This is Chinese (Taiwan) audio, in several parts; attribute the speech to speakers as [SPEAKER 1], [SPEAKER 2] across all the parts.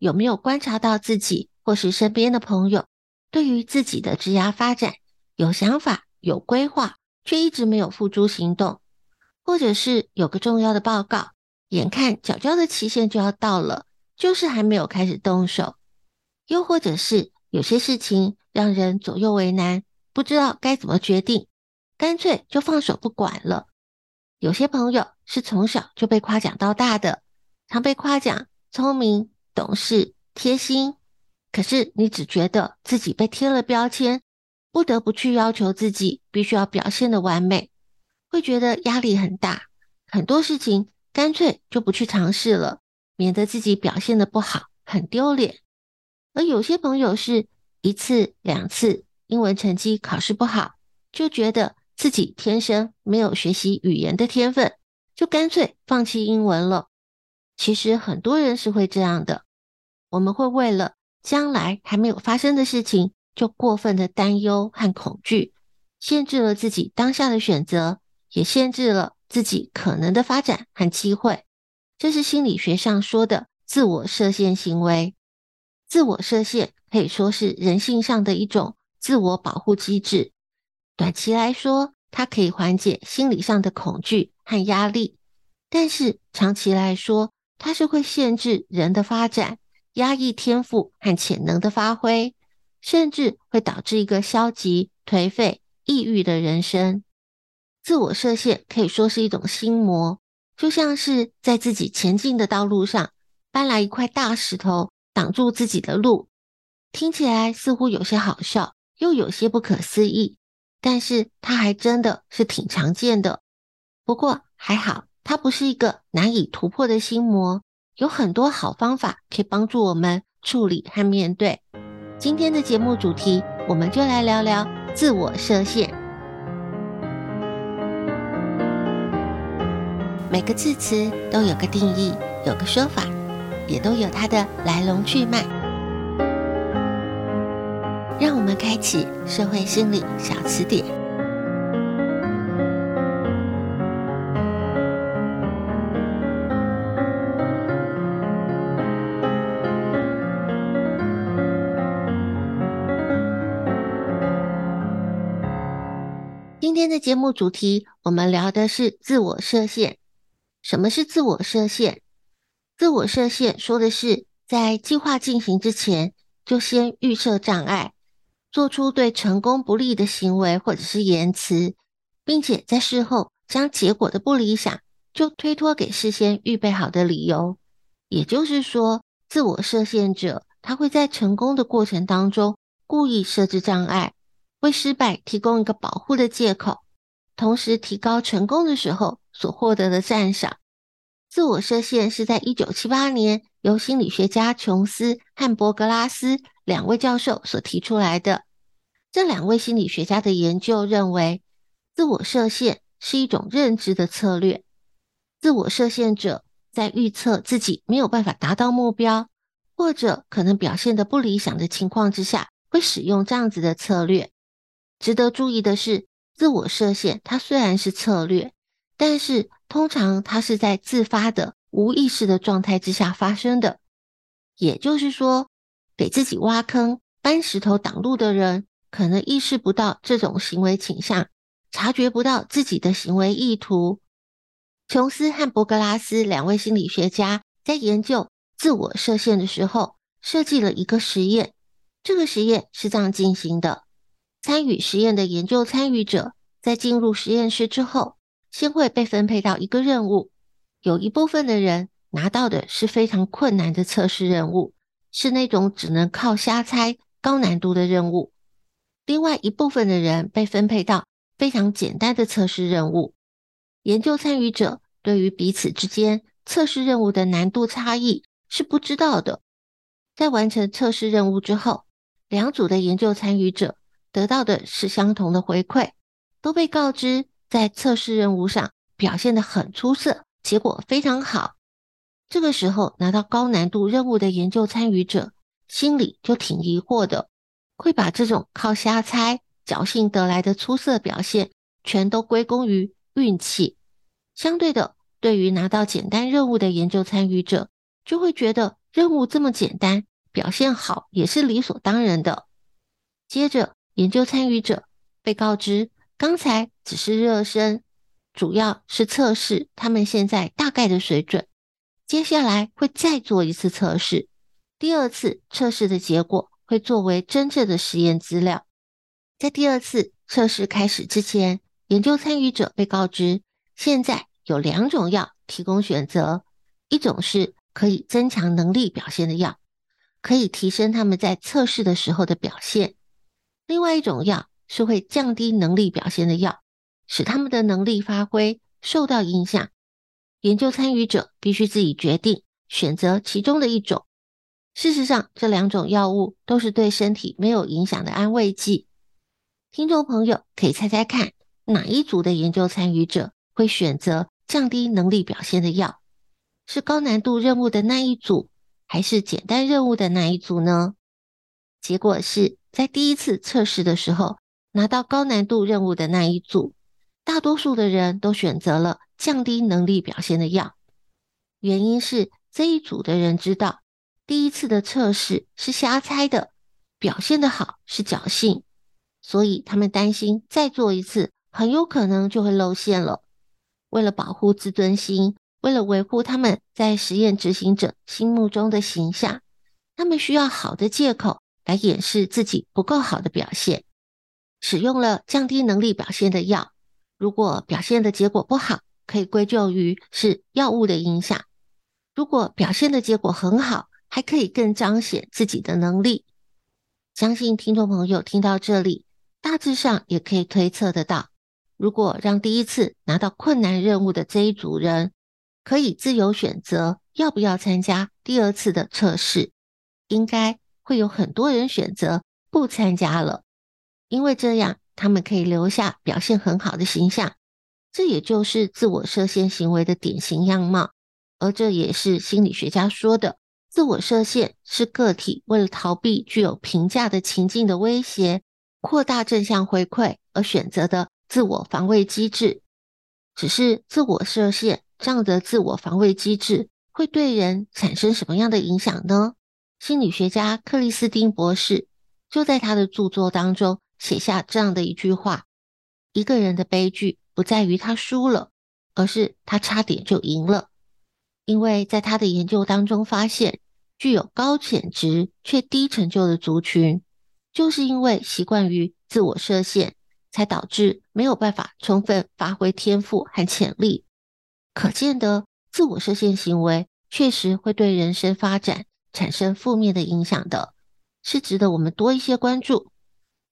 [SPEAKER 1] 有沒有觀察到自己或是身邊的朋友，對於自己的職涯發展有想法、有規劃，卻一直沒有付諸行動？或者是有個重要的報告，眼看繳交的期限就要到了，就是還沒有開始動手？又或者是有些事情讓人左右為難，不知道該怎麼決定，乾脆就放手不管了？有些朋友是從小就被誇獎到大的，常被誇獎聰明。懂事貼心，可是你只覺得自己被貼了標籤，不得不去要求自己必須要表現得完美，會覺得壓力很大，很多事情乾脆就不去嘗試了，免得自己表現得不好，很丟臉。而有些朋友是一次兩次英文成績考試不好，就覺得自己天生沒有學習語言的天分，就乾脆放棄英文了。其實很多人是會這樣的，我們會為了將來還沒有發生的事情就過分的擔憂和恐懼，限制了自己當下的選擇，也限制了自己可能的發展和機會。這是心理學上說的自我設限行為。自我設限可以說是人性上的一種自我保護機制。短期來說，它可以緩解心理上的恐懼和壓力，但是長期來說，它是會限制人的發展，壓抑天賦和潛能的發揮，甚至會導致一個消極、頹廢、抑鬱的人生。自我設限可以說是一種心魔，就像是在自己前進的道路上搬來一塊大石頭，擋住自己的路。聽起來似乎有些好笑，又有些不可思議，但是它還真的是挺常見的。不過還好。它不是一個難以突破的心魔，有很多好方法可以幫助我們處理和面對。今天的節目主題，我們就來聊聊自我設限。每個字詞都有個定義，有個說法，也都有它的來龍去脈。讓我們開啟社會心理小詞典。今天的節目主題，我們聊的是自我設限。什麼是自我設限？自我設限說的是，在計劃進行之前，就先預設障礙，做出對成功不利的行為或者是言辭，並且在事後將結果的不理想，就推脫給事先預備好的理由。也就是說，自我設限者，他會在成功的過程當中，故意設置障礙。為失敗提供一個保護的借口，同時提高成功的時候所獲得的讚賞。自我設限是在一九七八年由心理學家瓊斯和伯格拉斯兩位教授所提出來的。這兩位心理學家的研究認為，自我設限是一種認知的策略。自我設限者在預測自己沒有辦法達到目標，或者可能表現得不理想的情況之下，會使用這樣子的策略。值得注意的是，自我設限它雖然是策略，但是通常它是在自發的、無意識的狀態之下發生的。也就是說，給自己挖坑、搬石頭擋路的人，可能意識不到這種行為傾向，察覺不到自己的行為意圖。瓊斯和博格拉斯兩位心理學家在研究自我設限的時候，設計了一個實驗。這個實驗是這樣進行的。參與實驗的研究參與者在進入實驗室之後，先會被分配到一個任務。有一部分的人拿到的是非常困難的測試任務，是那種只能靠瞎猜、高難度的任務；另外一部分的人被分配到非常簡單的測試任務。研究參與者對於彼此之間測試任務的難度差異是不知道的。在完成測試任務之後，兩組的研究參與者，得到的是相同的回饋，都被告知在測試任務上表現得很出色，結果非常好。這個時候拿到高難度任務的研究參與者心裡就挺疑惑的，會把這種靠瞎猜、僥幸得來的出色表現全都歸功於運氣。相對的，對於拿到簡單任務的研究參與者，就會覺得任務這麼簡單，表現好也是理所當然的。接着，研究參與者被告知，剛才只是熱身，主要是測試他們現在大概的水準。接下來會再做一次測試，第二次測試的結果會作為真正的實驗資料。在第二次測試開始之前，研究參與者被告知，現在有兩種藥提供選擇，一種是可以增強能力表現的藥，可以提升他們在測試的時候的表現。另外一種藥是會降低能力表現的藥，使他們的能力發揮受到影響。研究參與者必須自己決定選擇其中的一種。事實上，這兩種藥物都是對身體沒有影響的安慰劑。聽眾朋友可以猜猜看，哪一組的研究參與者會選擇降低能力表現的藥？是高難度任務的那一組，還是簡單任務的那一組呢？結果是。在第一次測試的時候，拿到高難度任務的那一組，大多數的人都選擇了降低能力表現的藥。原因是這一組的人知道，第一次的測試是瞎猜的，表現得好是僥倖，所以他們擔心再做一次很有可能就會露餡了。為了保護自尊心，為了維護他們在實驗執行者心目中的形象，他們需要好的借口。來掩飾自己不夠好的表現，使用了降低能力表現的藥。如果表現的結果不好，可以歸咎於是藥物的影響；如果表現的結果很好，還可以更彰顯自己的能力。相信聽眾朋友聽到這裡，大致上也可以推測得到，如果讓第一次拿到困難任務的這一組人可以自由選擇要不要參加第二次的測試，應該，會有很多人選擇不參加了，因為這樣他們可以留下表現很好的形象，這也就是自我設限行為的典型樣貌。而這也是心理學家說的，自我設限是個體為了逃避具有評價的情境的威脅，擴大正向回饋而選擇的自我防衛機制。只是自我設限這樣的自我防衛機制會對人產生什麼樣的影響呢？心理學家克里斯汀博士就在他的著作當中寫下這樣的一句話：“一個人的悲劇不在於他輸了，而是他差點就贏了。”因為在他的研究當中發現，具有高潛質卻低成就的族群，就是因為習慣於自我設限，才導致沒有辦法充分發揮天賦和潛力。可見得，自我設限行為確實會對人生發展產生負面的影響的是值得我們多一些關注，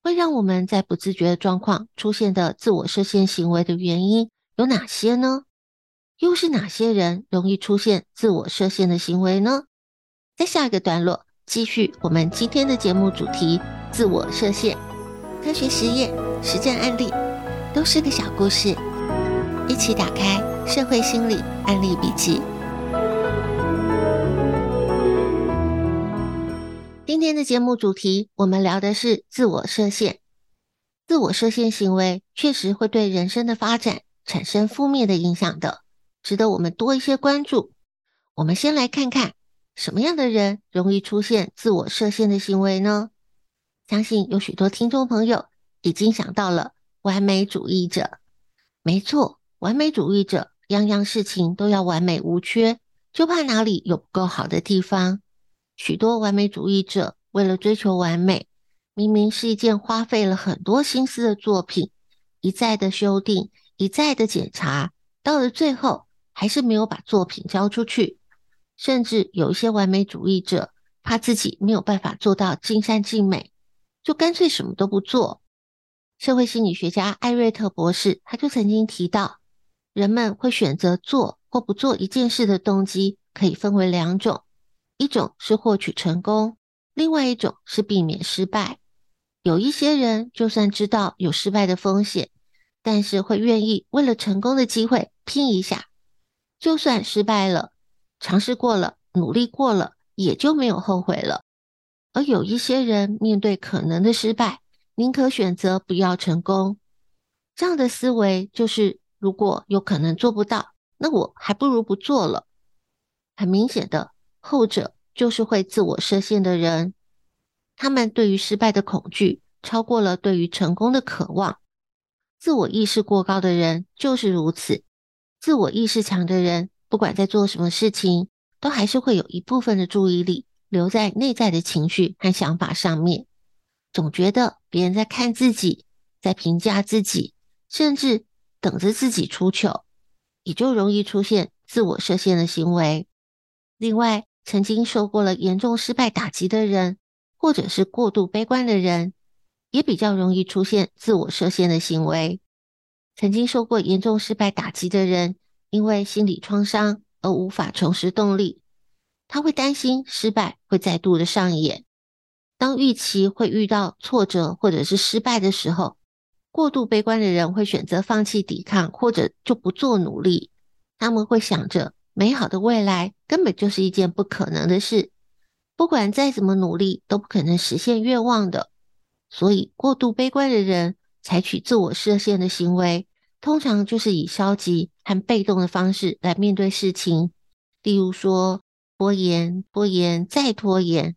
[SPEAKER 1] 會讓我們在不自覺的狀況出現的自我設限行為的原因有哪些呢？又是哪些人容易出現自我設限的行為呢？在下一個段落，繼續我們今天的節目主題：自我設限、科學實驗、實戰案例，都是個小故事，一起打開《社會心理案例筆記》。這節目主題，我們聊的是自我設限。自我設限行為確實會對人生的發展產生負面的影響的，值得我們多一些關注。我們先來看看什麼樣的人容易出現自我設限的行為呢？相信有許多聽眾朋友已經想到了完美主義者。沒錯，完美主義者，樣樣事情都要完美無缺，就怕哪裡有不夠好的地方。許多完美主義者。為了追求完美，明明是一件花費了很多心思的作品，一再的修訂，一再的檢查，到了最後還是沒有把作品交出去。甚至有一些完美主義者，怕自己沒有辦法做到盡善盡美，就乾脆什麼都不做。社會心理學家艾瑞特博士他就曾經提到，人們會選擇做或不做一件事的動機可以分為兩種，一種是獲取成功。另外一種是避免失敗，有一些人就算知道有失敗的風險，但是會願意為了成功的機會拼一下，就算失敗了，嘗試過了，努力過了，也就沒有後悔了。而有一些人面對可能的失敗，寧可選擇不要成功。這樣的思維就是，如果有可能做不到，那我還不如不做了。很明顯的，後者。就是會自我設限的人，他們對於失敗的恐懼超過了對於成功的渴望。自我意識過高的人就是如此。自我意識強的人，不管在做什麼事情，都還是會有一部分的注意力留在內在的情緒和想法上面，總覺得別人在看自己，在評價自己，甚至等着自己出糗，也就容易出現自我設限的行為。另外，曾經受過了嚴重失敗打擊的人，或者是過度悲觀的人，也比較容易出現自我設限的行為。曾經受過嚴重失敗打擊的人，因為心理創傷而無法重拾動力，他會擔心失敗會再度的上演。當預期會遇到挫折或者是失敗的時候，過度悲觀的人會選擇放棄抵抗，或者就不做努力。他們會想着，美好的未來根本就是一件不可能的事，不管再怎麼努力，都不可能實現願望的。所以，過度悲觀的人採取自我設限的行為，通常就是以消極和被動的方式來面對事情，例如說拖延、拖延再拖延。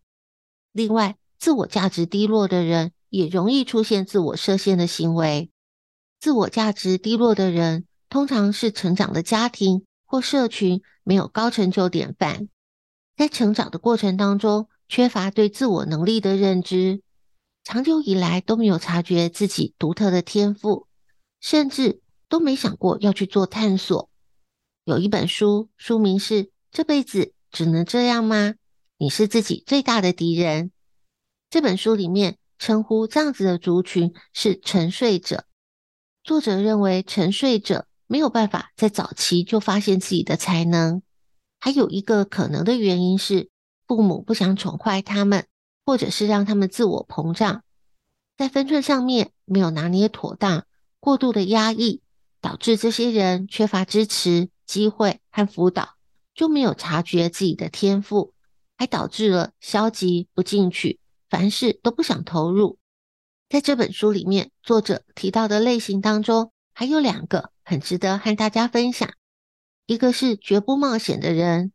[SPEAKER 1] 另外，自我價值低落的人也容易出現自我設限的行為。自我價值低落的人，通常是成長的家庭。或社群沒有高成就典範，在成長的過程當中，缺乏對自我能力的認知，長久以來都沒有察覺自己獨特的天賦，甚至都沒想過要去做探索。有一本書，書名是《這輩子只能這樣嗎？》，你是自己最大的敵人。這本書裡面稱呼這樣子的族群是“沉睡者”，作者認為“沉睡者”。沒有辦法在早期就發現自己的才能，還有一個可能的原因是父母不想寵壞他們，或者是讓他們自我膨脹，在分寸上面沒有拿捏妥當，過度的壓抑，導致這些人缺乏支持、機會和輔導，就沒有察覺自己的天賦，還導致了消極不進取，凡事都不想投入。在這本書裡面，作者提到的類型當中，還有兩個很值得和大家分享，一個是絕不冒險的人。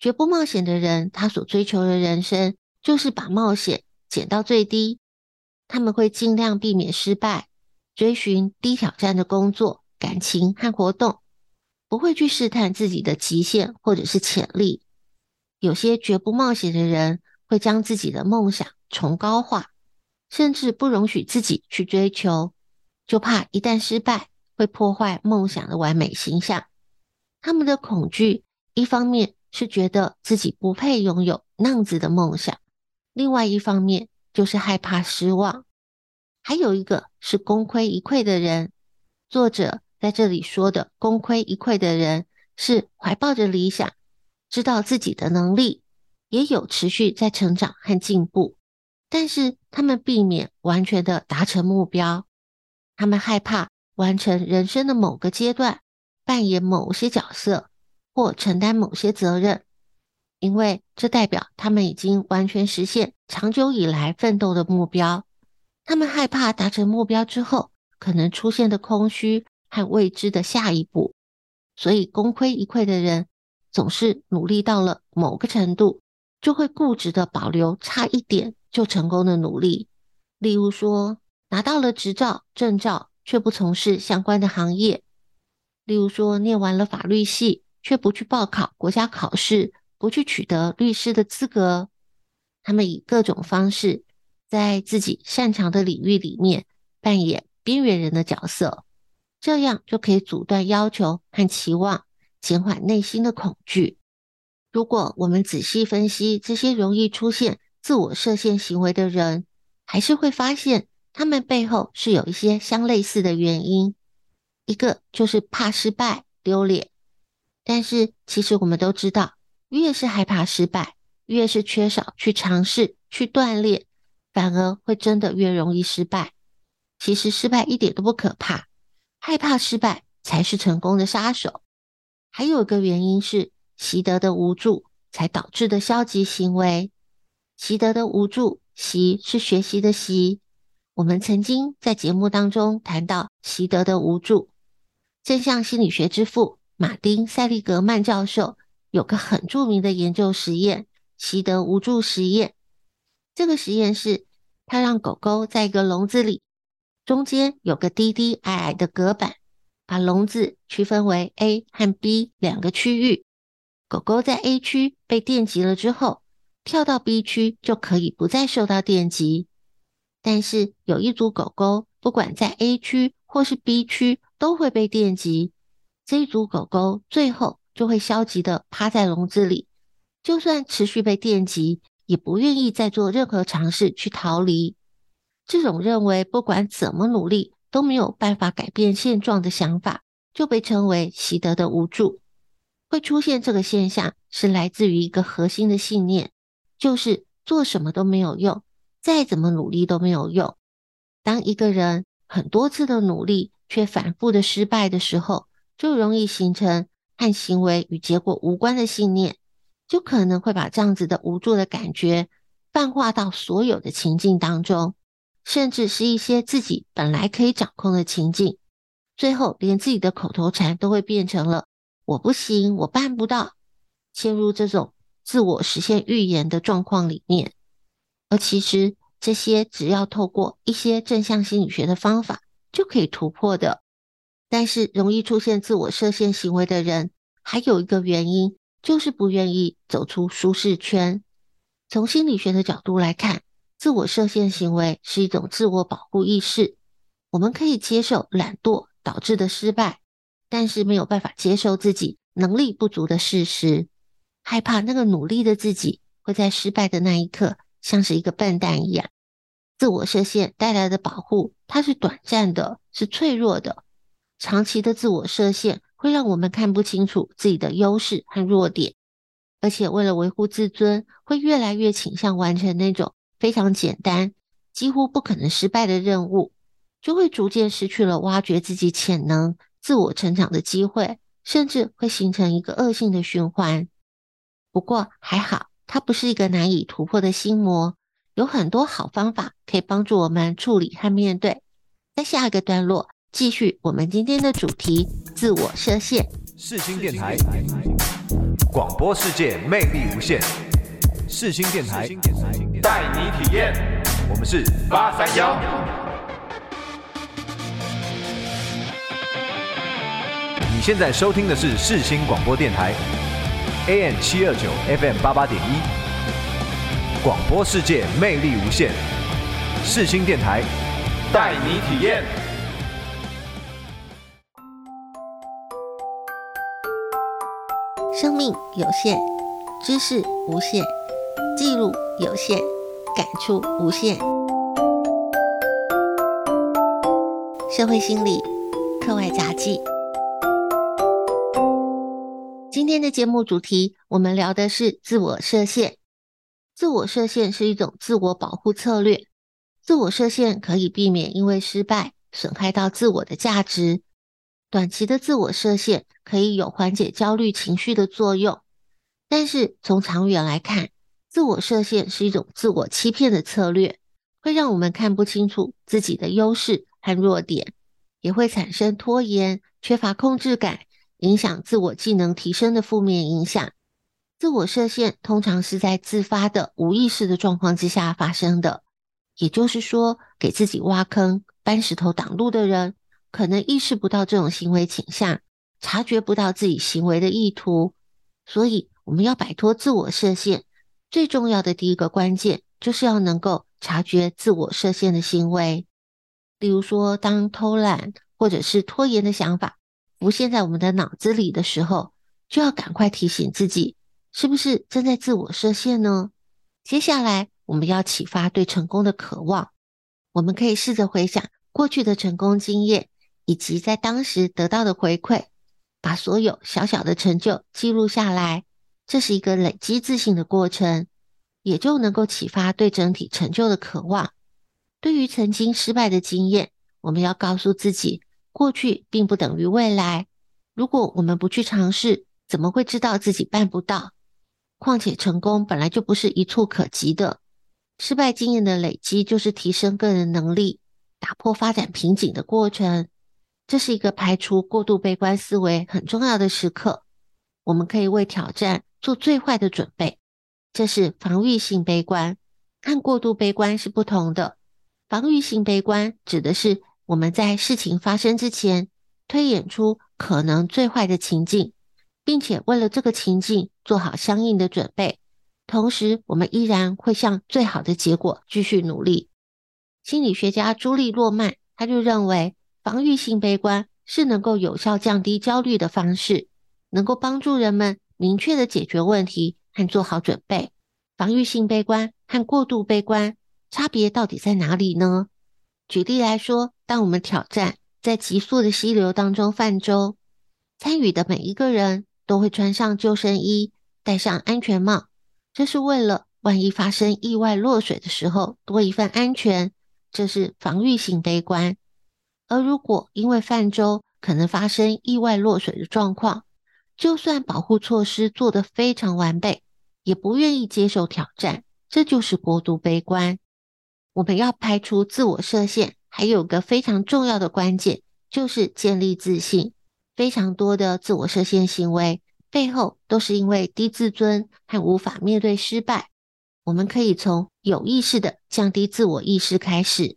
[SPEAKER 1] 絕不冒險的人，他所追求的人生就是把冒險減到最低。他們會盡量避免失敗，追尋低挑戰的工作、感情和活動，不會去試探自己的極限或者是潛力。有些絕不冒險的人會將自己的夢想崇高化，甚至不容許自己去追求，就怕一旦失敗。會破壞夢想的完美形象。他們的恐懼，一方面是覺得自己不配擁有那樣子的夢想，另外一方面就是害怕失望。還有一個是功虧一簣的人。作者在這裡說的“功虧一簣”的人，是懷抱着理想，知道自己的能力，也有持續在成長和進步，但是他們避免完全的達成目標，他們害怕。完成人生的某個階段，扮演某些角色或承擔某些責任，因為這代表他們已經完全實現長久以來奮鬥的目標。他們害怕達成目標之後可能出現的空虛和未知的下一步，所以功虧一簣的人總是努力到了某個程度，就會固執地保留差一點就成功的努力。例如說，拿到了執照、證照。卻不從事相關的行業，例如說，念完了法律系，卻不去報考國家考試，不去取得律師的資格。他們以各種方式，在自己擅長的領域裡面扮演邊緣人的角色，這樣就可以阻斷要求和期望，減緩內心的恐懼。如果我們仔細分析這些容易出現自我設限行為的人，還是會發現。他們背後是有一些相類似的原因，一個就是怕失敗丟臉，但是其實我們都知道，越是害怕失敗，越是缺少去嘗試、去鍛煉，反而會真的越容易失敗。其實失敗一點都不可怕，害怕失敗才是成功的殺手。還有一個原因是習得的無助才導致的消極行為，習得的無助，習是學習的習。我們曾經在節目當中談到習得的無助。正向心理學之父馬丁·塞利格曼教授有個很著名的研究實驗——習得無助實驗。這個實驗是，他讓狗狗在一個籠子裡，中間有個低低矮矮的隔板，把籠子區分為 A 和 B 兩個區域。狗狗在 A 區被電擊了之後，跳到 B 區就可以不再受到電擊。但是有一組狗狗，不管在 A 區或是 B 區，都會被電擊。這一組狗狗最後就會消極的趴在籠子裡，就算持續被電擊，也不願意再做任何嘗試去逃離。這種認為不管怎麼努力都沒有辦法改變現狀的想法，就被稱為習得的無助。會出現這個現象，是來自於一個核心的信念，就是做什麼都沒有用。再怎麼努力都沒有用。當一個人很多次的努力卻反覆的失敗的時候，就容易形成和行為與結果無關的信念，就可能會把這樣子的無助的感覺泛化到所有的情境當中，甚至是一些自己本來可以掌控的情境，最後連自己的口頭禪都會變成了“我不行，我辦不到”，陷入這種自我實現預言的狀況裡面。而其實這些只要透過一些正向心理學的方法就可以突破的，但是容易出現自我設限行為的人，還有一個原因就是不願意走出舒適圈。從心理學的角度來看，自我設限行為是一種自我保護意識。我們可以接受懶惰導致的失敗，但是沒有辦法接受自己能力不足的事實，害怕那個努力的自己會在失敗的那一刻。像是一個笨蛋一樣，自我設限帶來的保護，它是短暫的，是脆弱的。長期的自我設限會讓我們看不清楚自己的優勢和弱點，而且為了維護自尊，會越來越傾向完成那種非常簡單、幾乎不可能失敗的任務，就會逐漸失去了挖掘自己潛能、自我成長的機會，甚至會形成一個惡性的循環。不過還好。它不是一個難以突破的心魔，有很多好方法可以幫助我們處理和面對。在下一個段落，繼續我們今天的主題——自我設限。
[SPEAKER 2] 世新電台，廣播世界魅力無限。世新電台，電台帶你體驗。我們是八三夭。你現在收聽的是世新廣播電台。AM 七二九 FM 八八點一，廣播世界魅力無限，世新電台帶你體驗。
[SPEAKER 1] 生命有限，知識無限，記錄有限，感觸無限。社會心理，課外雜記。今天的節目主題，我們聊的是自我設限。自我設限是一種自我保護策略，自我設限可以避免因為失敗損害到自我的價值。短期的自我設限可以有緩解焦慮情緒的作用，但是從長遠來看，自我設限是一種自我欺騙的策略，會讓我們看不清楚自己的優勢和弱點，也會產生拖延、缺乏控制感。影響自我技能提升的負面影響，自我設限通常是在自發的、無意識的狀況之下發生的。也就是說，給自己挖坑、搬石頭擋路的人，可能意識不到這種行為傾向，察覺不到自己行為的意圖。所以，我們要擺脫自我設限，最重要的第一個關鍵就是要能夠察覺自我設限的行為。例如說，當偷懶或者是拖延的想法。浮現在我們的腦子裡的時候，就要趕快提醒自己，是不是正在自我設限呢？接下來，我們要啟發對成功的渴望。我們可以試着回想過去的成功經驗，以及在當時得到的回饋，把所有小小的成就記錄下來。這是一個累積自信的過程，也就能夠啟發對整體成就的渴望。對於曾經失敗的經驗，我們要告訴自己，過去並不等於未來。如果我們不去嘗試，怎麼會知道自己辦不到？況且成功本來就不是一蹴可及的。失敗經驗的累積，就是提升個人能力、打破發展瓶頸的過程。這是一個排除過度悲觀思維很重要的時刻。我們可以為挑戰做最壞的準備。這是防禦性悲觀，跟過度悲觀是不同的。防禦性悲觀指的是。我們在事情發生之前推演出可能最壞的情境，並且為了這個情境做好相應的準備。同時，我們依然會向最好的結果繼續努力。心理學家朱莉·洛曼他就認為，防御性悲觀是能夠有效降低焦慮的方式，能夠幫助人們明確地解決問題和做好準備。防御性悲觀和過度悲觀差別到底在哪裡呢？舉例來說。讓我們挑戰在急速的溪流當中泛舟，參與的每一個人都會穿上救生衣，戴上安全帽，這是為了萬一發生意外落水的時候多一份安全。這是防禦性悲觀。而如果因為泛舟可能發生意外落水的狀況，就算保護措施做得非常完備，也不願意接受挑戰。這就是過度悲觀。我們要排除自我設限。還有個非常重要的關鍵，就是建立自信。非常多的自我設限行為背後，都是因為低自尊和無法面對失敗。我們可以從有意識的降低自我意識開始。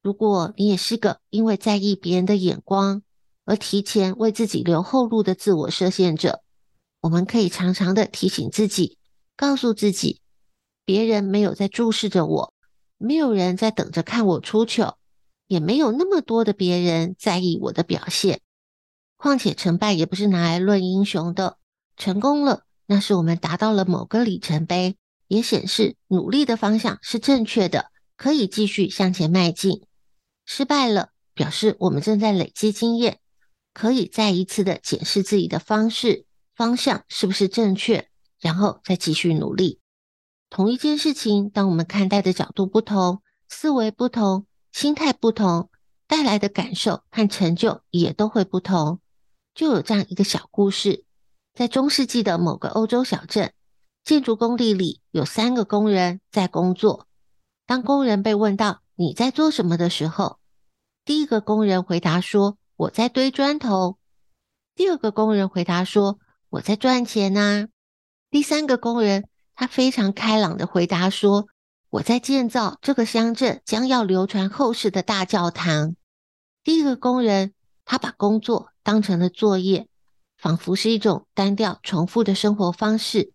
[SPEAKER 1] 如果你也是個因為在意別人的眼光而提前為自己留後路的自我設限者，我們可以常常的提醒自己，告訴自己：別人沒有在注視着我，沒有人在等着看我出糗。也沒有那麼多的別人在意我的表現，況且成敗也不是拿來論英雄的。成功了，那是我們達到了某個里程碑，也顯示努力的方向是正確的，可以繼續向前邁進。失敗了，表示我們正在累積經驗，可以再一次的檢視自己的方式、方向是不是正確，然後再繼續努力。同一件事情，當我們看待的角度不同，思維不同，心態不同，帶來的感受和成就也都會不同，就有這樣一個小故事，在中世紀的某個歐洲小鎮，建築工地裡有三個工人在工作。當工人被問到，你在做什麼的時候，第一個工人回答說：“我在堆磚頭。”第二個工人回答說：“我在賺錢啊。”第三個工人他非常開朗的回答說。我在建造這個鄉鎮將要流傳後世的大教堂。第一個工人，他把工作當成了作業，仿佛是一種單調重複的生活方式。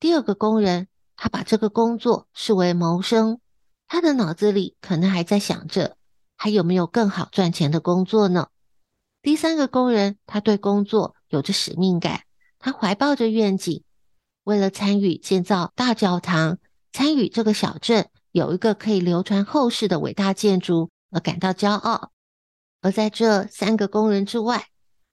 [SPEAKER 1] 第二個工人，他把這個工作視為謀生，他的腦子裡可能還在想着，還有沒有更好賺錢的工作呢？第三個工人，他對工作有着使命感，他懷抱着願景，為了參與建造大教堂。參與這個小鎮有一個可以流傳後世的偉大建築而感到驕傲，而在這三個工人之外，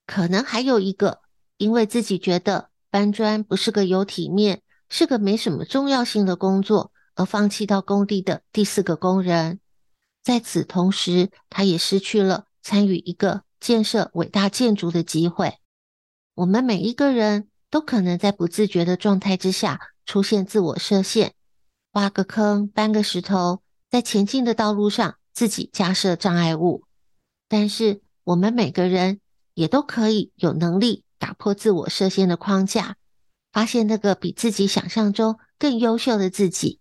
[SPEAKER 1] 可能還有一個因為自己覺得搬磚不是個有體面、是個沒什麼重要性的工作而放棄到工地的第四個工人。在此同時，他也失去了參與一個建設偉大建築的機會。我們每一個人都可能在不自覺的狀態之下出現自我設限。挖個坑，搬個石頭，在前進的道路上自己架設障礙物。但是我們每個人也都可以有能力打破自我設限的框架，發現那個比自己想象中更優秀的自己。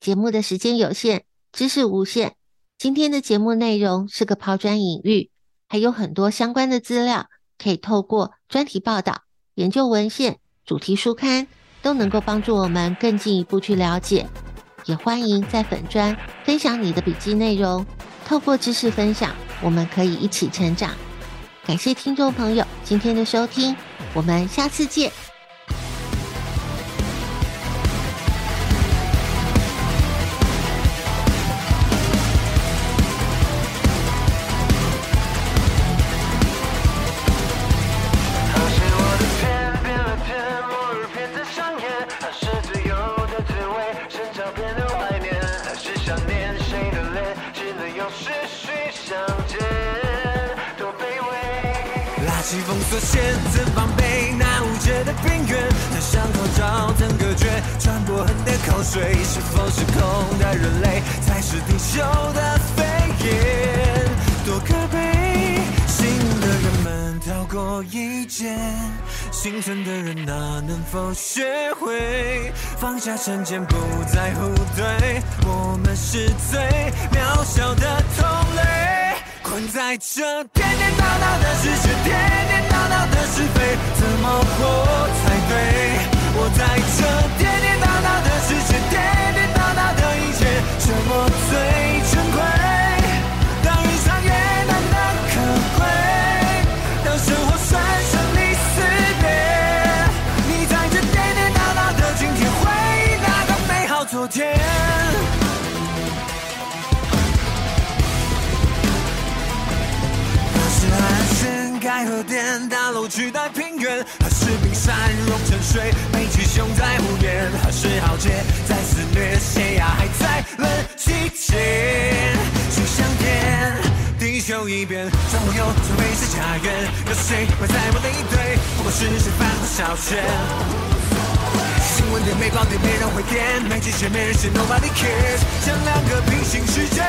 [SPEAKER 1] 節目的時間有限，知識無限。今天的節目內容是個拋磚引玉，還有很多相關的資料可以透過專題報道、研究文獻、主題書刊。都能夠幫助我們更進一步去了解，也歡迎在粉專分享你的筆記內容。透過知識分享，我們可以一起成長。感謝聽眾朋友今天的收聽，我們下次見。
[SPEAKER 2] 心存的人，哪能否學會放下成見，不在乎對？我們是最渺小的同類，困在這顛顛倒倒的世界，顛顛倒倒的是非，怎麼活才對？我在這顛顛倒倒的世界，顛顛倒倒的一切，這麼醉？天，何時海岸盛開核電，大樓取代平原？何時冰山融成水，北極熊在無眠？何時浩劫在肆虐，還在地球一邊？戰火又摧毀誰家園？有誰埋在我的一堆？不是犯小沒穩定，沒保障，沒人會惦。沒底線，沒人信，Nobody cares。像兩個平行世界，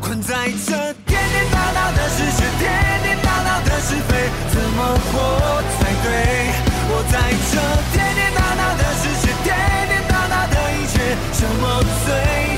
[SPEAKER 2] 困在這。顛顛倒倒的世界，顛顛倒倒的是非，怎麼活才對？我在這。顛顛倒倒的世界，顛顛倒倒的一切，這麼碎？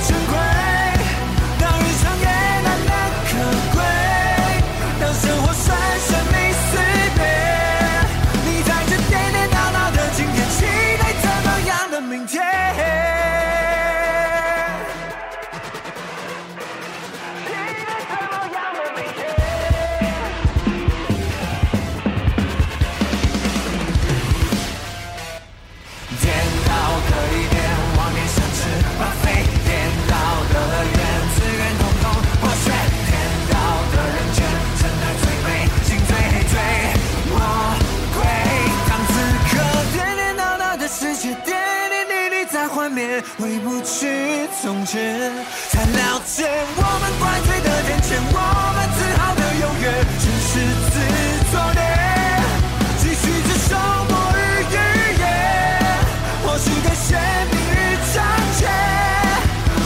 [SPEAKER 2] 回不去從前，才了解我們怪罪的天譴，我們自豪的優越，只是自作孽，繼續接受末日預言，或許感謝明於長見。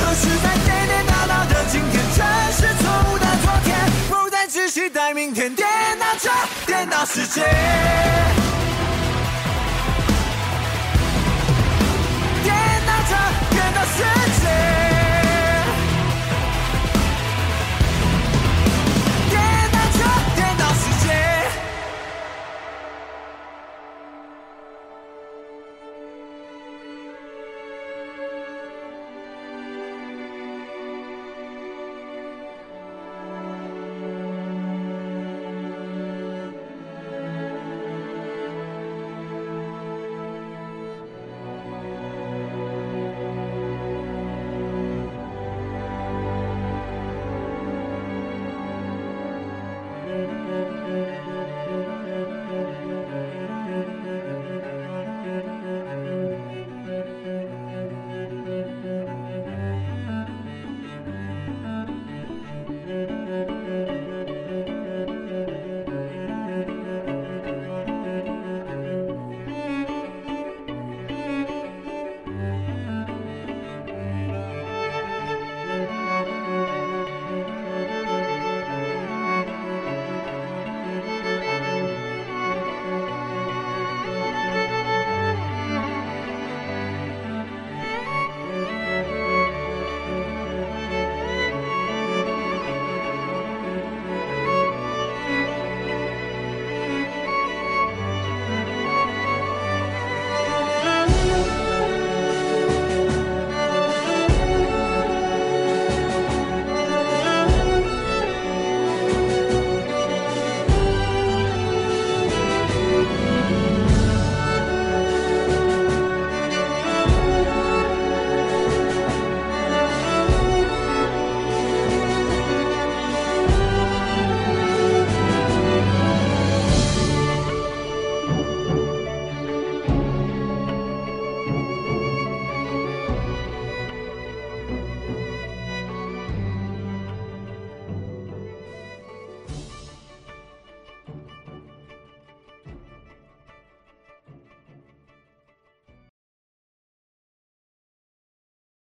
[SPEAKER 2] 何時在顛顛倒倒的今天，這是錯誤的昨天，不再只期待明天，顛倒着顛倒世界。